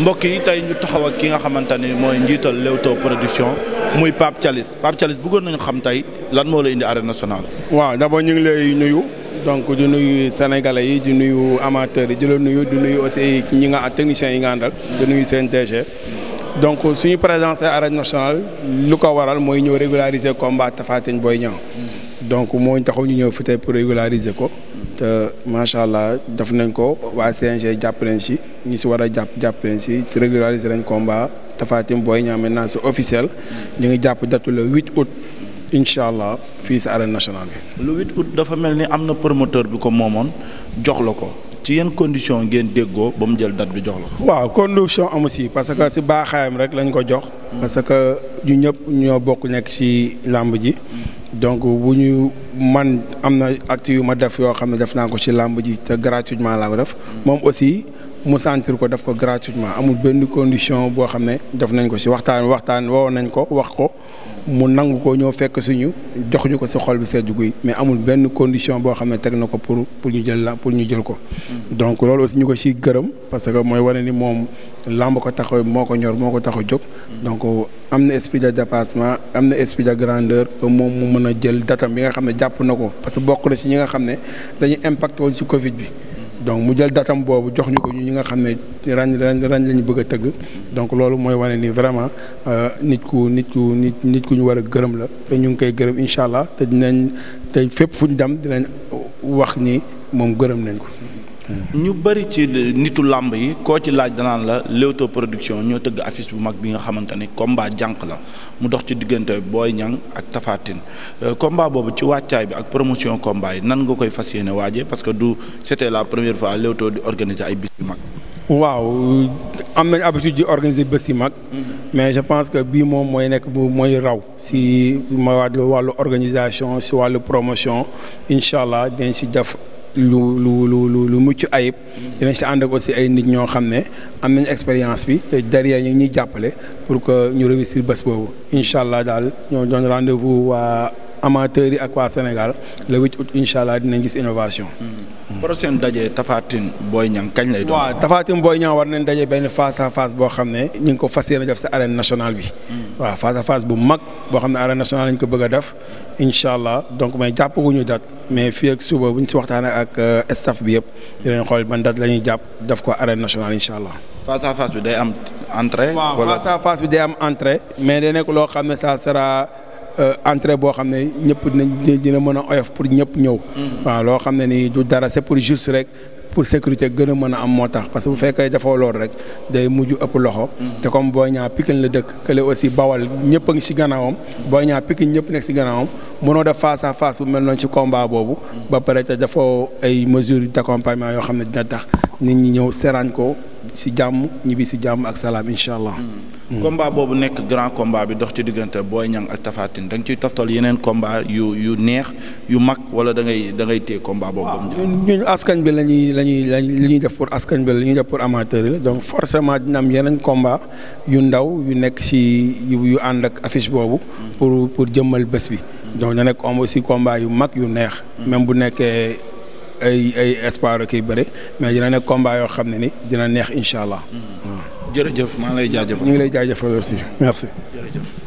mbokk yi tey ñu taxaw ak ki nga xamante ni mooy njiital Leewtoo production muy Pape Thialis Pape Thialis bëggoon nañu xam tey lan moo la indi arène nationale. waaw d'abord ñu ngi lay nuyu donc di nuyu sénégalais yi di nuyu amateurs yi di la nuyu di nuyu aussi ñi nga techniciens yi nga àndal. di nuyu CNTG. donc suñu présence à arène nationale lu ko waral mooy ñëw régulariser combat Tapha Tine booy Niang. donc moo taxaw ñu ñëw fi tey pour régulariser ko. te macha allah def nañ ko waa CNG jàpp leen si ñu si war a jàpp jàpp leen si si régulariser nañ combat Tafatim booy Niang maintenant si officiel ñu ngi jàpp datu le 8 août incha allah fii si arène nationale bi. le 8 août dafa mel ni am na promoteur bi ko moomoon jox la ko. ci yan condition ngeen déggoo ba mu jël date bi jox la. waaw condition amu si parce que si baaxaayam rek lañu ko jox. parce que ñu ñëpp ñoo bokk nekk si làmb ji. donc bu ñu man am na acte yu ma def yoo xam ne def naa ko ci làmb ji te gratuitement laa ko def. moom aussi mu sentir ko def ko gratuitement amul benn condition boo xam ne def nañ ko si waxtaan waxtaan woo nañ ko wax ko. mu nangu ko ñoo fekk suñu jox ñu ko si xol bi seddu guy mais amul benn condition boo xam ne teg na ko pour pour ñu jël la pour ñu jël ko. donc loolu aussi ñu ko siy gërëm parce que mooy wane ni moom làmb ko tax moo ko ñor moo ko tax jóg. donc am na esprit de dépassement am na esprit de grandeur moom mu mën a jël datam bi nga xam ne jàpp na ko parce que bokk na si ñi nga xam ne dañuy impacté woon si Covid bi. donc mu jël datam boobu jox ñu ko ñu ñi nga xam ne ràññ ràññ la ñu bëgg a tëgg donc loolu mooy wane ni vraiment euh, nit ku nit ku nit nit ku ñu war a gërëm la te ñu ngi koy gërëm incha allah te dinañ te fépp fu ñu dem dinañ wax ni moom gërëm nañ ko. ñu bëri ci nitu làmb yi koo ci laaj danaa la Leewtoo production ñoo tëgg affiche bu mag bi nga xamante ni combat jànq la mu dox ci diggante booy Niang ak tafaatin Tine euh, boobu ci wàccaay bi ak promotion combat yi nan nga koy fas yéene waajee parce que du c'était la première fois Leewtoo di organiser ay bis yu mag. waaw am nañ habitude di organiser bés yu mag. Mm-hmm. mais je pense que bii moom mooy nekk bu mooy raw si ma wàllu organisation si wàllu promotion incha allah dinañ si def. lu lu lu lu mucc ayib dinañ si ànd ak aussi ay nit ñoo xam ne am nañ expérience bi te derrière ñu ngi ñuy jàppale pour que ñu réussir bés boobu incha allah daal ñoo doon rendez waa amateurs yi ak waa Sénégal le 8 août incha allah dinañ gis innovation. Hmm. prochain daje Tafatine Boy Niang kañ lay doon. waaw Tafatine Boy Niang war nañ daje benn face à face boo xam ne ñu ngi ko fas yéene def si arène nationale bi. Hmm. waaw face à face bu mag boo xam ne arène nationale lañ ko bëgg a def incha allah donc may euh, jàpp ko arène nationale incha allah. face à bi day am entrée. wala face bi day am entrée mais day nekk loo xam ne ça sera. Euh, entrée boo xam ne ñëpp dinañ dina mën a oyof pour ñëpp ñëw. Mm. waaw loo xam ne nii du dara c'est pour juste rek. pour sécurité gën a mën a am moo tax parce que bu fekkee dafoo loolu rek day mujj ëpp loxo. Mm. te comme Boy Niang Pikine la dëkk kële aussi bawal ñëpp ngi si gannaawam. Boy Niang Pikine ñëpp nekk si gannaawam mënoo def face à face bu mel noonu ci combat boobu. Mm. ba pare te dafoo ay mesures d'accompagnement yoo xam ne dina tax nit ñi ñëw seraan ko si jàmm ñibbi si jàmm ak salaam incha allah. Mm. combat boobu nekk grand combat bi dox ci diggante booy Niang ak Tapha Tine da nga ciy yeneen combat yu yu neex yu mag wala da ngay da ngay combat boobu. Ah, ñun askan bi la ñuy la ñuy li ñuy def pour askan bi la ñuy def pour amateur yi donc forcément dinam yeneen combat yu ndaw yu nekk ci yu ànd ak affiche boobu. Mm. pour pour jëmmal bés bi. Mm. donc na nekk am aussi combat yu mag yu neex. même bu nekkee ay ay espoir yu bëre mais dina nekk combat yoo xam ne ni dina neex incha allah. jërëjëf maa ngi lay jaajëfal ñu ngi lay jaajëfal aussi merci. jërëjëf.